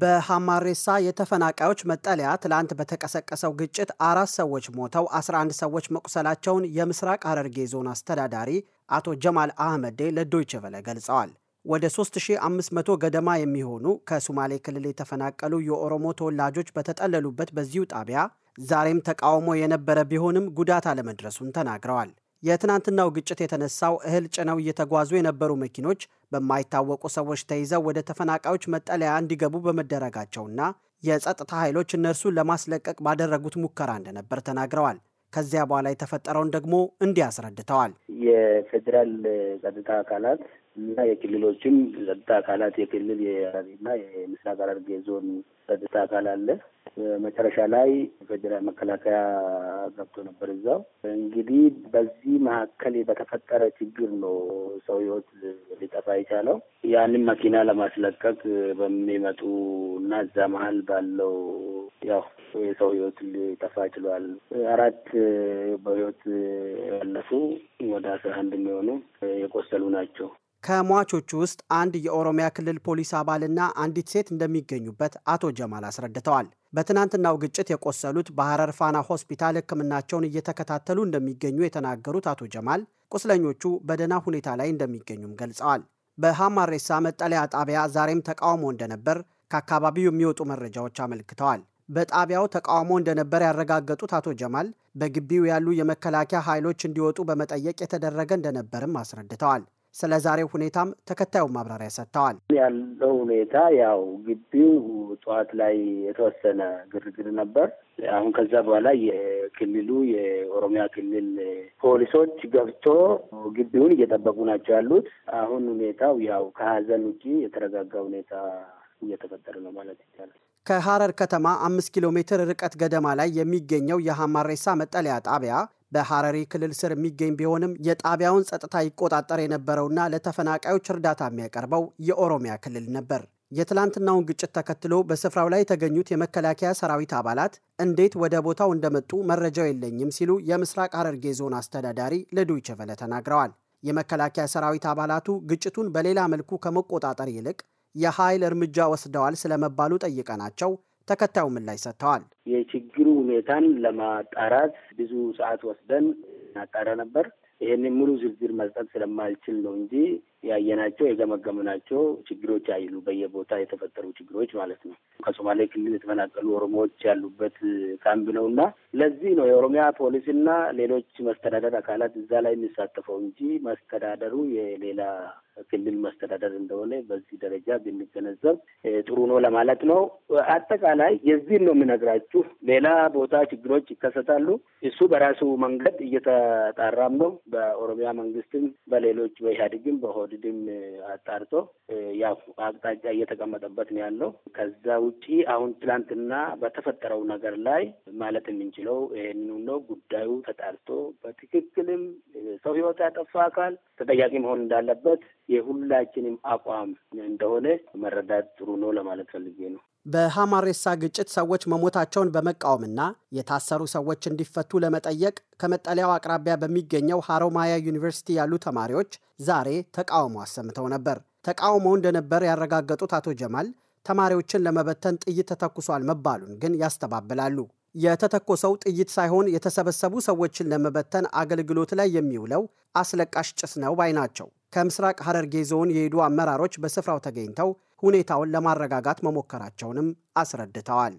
በሐማሬሳ የተፈናቃዮች መጠለያ ትላንት በተቀሰቀሰው ግጭት አራት ሰዎች ሞተው 11 ሰዎች መቁሰላቸውን የምስራቅ ሐረርጌ ዞን አስተዳዳሪ አቶ ጀማል አህመዴ ለዶይቸ ቨለ ገልጸዋል። ወደ 3500 ገደማ የሚሆኑ ከሶማሌ ክልል የተፈናቀሉ የኦሮሞ ተወላጆች በተጠለሉበት በዚሁ ጣቢያ ዛሬም ተቃውሞ የነበረ ቢሆንም ጉዳት አለመድረሱን ተናግረዋል። የትናንትናው ግጭት የተነሳው እህል ጭነው እየተጓዙ የነበሩ መኪኖች በማይታወቁ ሰዎች ተይዘው ወደ ተፈናቃዮች መጠለያ እንዲገቡ በመደረጋቸውና የጸጥታ ኃይሎች እነርሱን ለማስለቀቅ ባደረጉት ሙከራ እንደነበር ተናግረዋል። ከዚያ በኋላ የተፈጠረውን ደግሞ እንዲህ አስረድተዋል። የፌዴራል ጸጥታ አካላት እና የክልሎችም ጸጥታ አካላት የክልል የና የምስራቅ ሐረርጌ ዞን ጸጥታ አካል አለ። መጨረሻ ላይ ፌዴራል መከላከያ ገብቶ ነበር እዛው። እንግዲህ በዚህ መካከል በተፈጠረ ችግር ነው ሰው ህይወት ሊጠፋ የቻለው። ያንን መኪና ለማስለቀቅ በሚመጡ እና እዛ መሀል ባለው ያው የሰው ህይወት ሊጠፋ ችሏል። አራት በህይወት ያለፉ ወደ አስራ አንድ የሚሆኑ የቆሰሉ ናቸው። ከሟቾቹ ውስጥ አንድ የኦሮሚያ ክልል ፖሊስ አባልና አንዲት ሴት እንደሚገኙበት አቶ ጀማል አስረድተዋል። በትናንትናው ግጭት የቆሰሉት በሐረር ፋና ሆስፒታል ሕክምናቸውን እየተከታተሉ እንደሚገኙ የተናገሩት አቶ ጀማል ቁስለኞቹ በደህና ሁኔታ ላይ እንደሚገኙም ገልጸዋል። በሐማሬሳ መጠለያ ጣቢያ ዛሬም ተቃውሞ እንደነበር ከአካባቢው የሚወጡ መረጃዎች አመልክተዋል። በጣቢያው ተቃውሞ እንደነበር ያረጋገጡት አቶ ጀማል በግቢው ያሉ የመከላከያ ኃይሎች እንዲወጡ በመጠየቅ የተደረገ እንደነበርም አስረድተዋል። ስለ ዛሬው ሁኔታም ተከታዩ ማብራሪያ ሰጥተዋል። ያለው ሁኔታ ያው ግቢው ጠዋት ላይ የተወሰነ ግርግር ነበር። አሁን ከዛ በኋላ የክልሉ የኦሮሚያ ክልል ፖሊሶች ገብቶ ግቢውን እየጠበቁ ናቸው ያሉት። አሁን ሁኔታው ያው ከሀዘን ውጪ የተረጋጋ ሁኔታ እየተፈጠረ ነው ማለት ይቻላል። ከሐረር ከተማ 5 ኪሎ ሜትር ርቀት ገደማ ላይ የሚገኘው የሐማሬሳ መጠለያ ጣቢያ በሐረሪ ክልል ስር የሚገኝ ቢሆንም የጣቢያውን ጸጥታ ይቆጣጠር የነበረውና ለተፈናቃዮች እርዳታ የሚያቀርበው የኦሮሚያ ክልል ነበር። የትላንትናውን ግጭት ተከትሎ በስፍራው ላይ የተገኙት የመከላከያ ሰራዊት አባላት እንዴት ወደ ቦታው እንደመጡ መረጃው የለኝም ሲሉ የምስራቅ ሐረርጌ ዞን አስተዳዳሪ ለዶይቸ ቨለ ተናግረዋል። የመከላከያ ሰራዊት አባላቱ ግጭቱን በሌላ መልኩ ከመቆጣጠር ይልቅ የኃይል እርምጃ ወስደዋል ስለመባሉ ጠይቀናቸው ተከታዩ ምላሽ ሰጥተዋል። የችግሩ ሁኔታን ለማጣራት ብዙ ሰዓት ወስደን እናጣራ ነበር። ይህንን ሙሉ ዝርዝር መስጠት ስለማልችል ነው እንጂ ያየናቸው የገመገምናቸው ችግሮች አይሉ በየቦታ የተፈጠሩ ችግሮች ማለት ነው። ከሶማሌ ክልል የተፈናቀሉ ኦሮሞዎች ያሉበት ካምፕ ነው እና ለዚህ ነው የኦሮሚያ ፖሊስና ሌሎች መስተዳደር አካላት እዛ ላይ የሚሳተፈው እንጂ መስተዳደሩ የሌላ ክልል መስተዳደር እንደሆነ በዚህ ደረጃ ብንገነዘብ ጥሩ ነው ለማለት ነው። አጠቃላይ የዚህን ነው የምነግራችሁ። ሌላ ቦታ ችግሮች ይከሰታሉ። እሱ በራሱ መንገድ እየተጣራም ነው በኦሮሚያ መንግስትም፣ በሌሎች በኢህአዴግም በሆነ ኦድድም አጣርቶ ያው አቅጣጫ እየተቀመጠበት ነው ያለው። ከዛ ውጪ አሁን ትላንትና በተፈጠረው ነገር ላይ ማለት የምንችለው ይህንኑ ነው። ጉዳዩ ተጣርቶ በትክክልም ሰው ህይወት ያጠፋ አካል ተጠያቂ መሆን እንዳለበት የሁላችንም አቋም እንደሆነ መረዳት ጥሩ ነው ለማለት ፈልጌ ነው። በሐማሬሳ ግጭት ሰዎች መሞታቸውን በመቃወምና የታሰሩ ሰዎች እንዲፈቱ ለመጠየቅ ከመጠለያው አቅራቢያ በሚገኘው ሐሮማያ ዩኒቨርሲቲ ያሉ ተማሪዎች ዛሬ ተቃውሞ አሰምተው ነበር። ተቃውሞው እንደነበር ያረጋገጡት አቶ ጀማል ተማሪዎችን ለመበተን ጥይት ተተኩሷል መባሉን ግን ያስተባብላሉ። የተተኮሰው ጥይት ሳይሆን የተሰበሰቡ ሰዎችን ለመበተን አገልግሎት ላይ የሚውለው አስለቃሽ ጭስ ነው ባይ ናቸው። ከምስራቅ ሐረርጌ ዞን የሄዱ አመራሮች በስፍራው ተገኝተው ሁኔታውን ለማረጋጋት መሞከራቸውንም አስረድተዋል።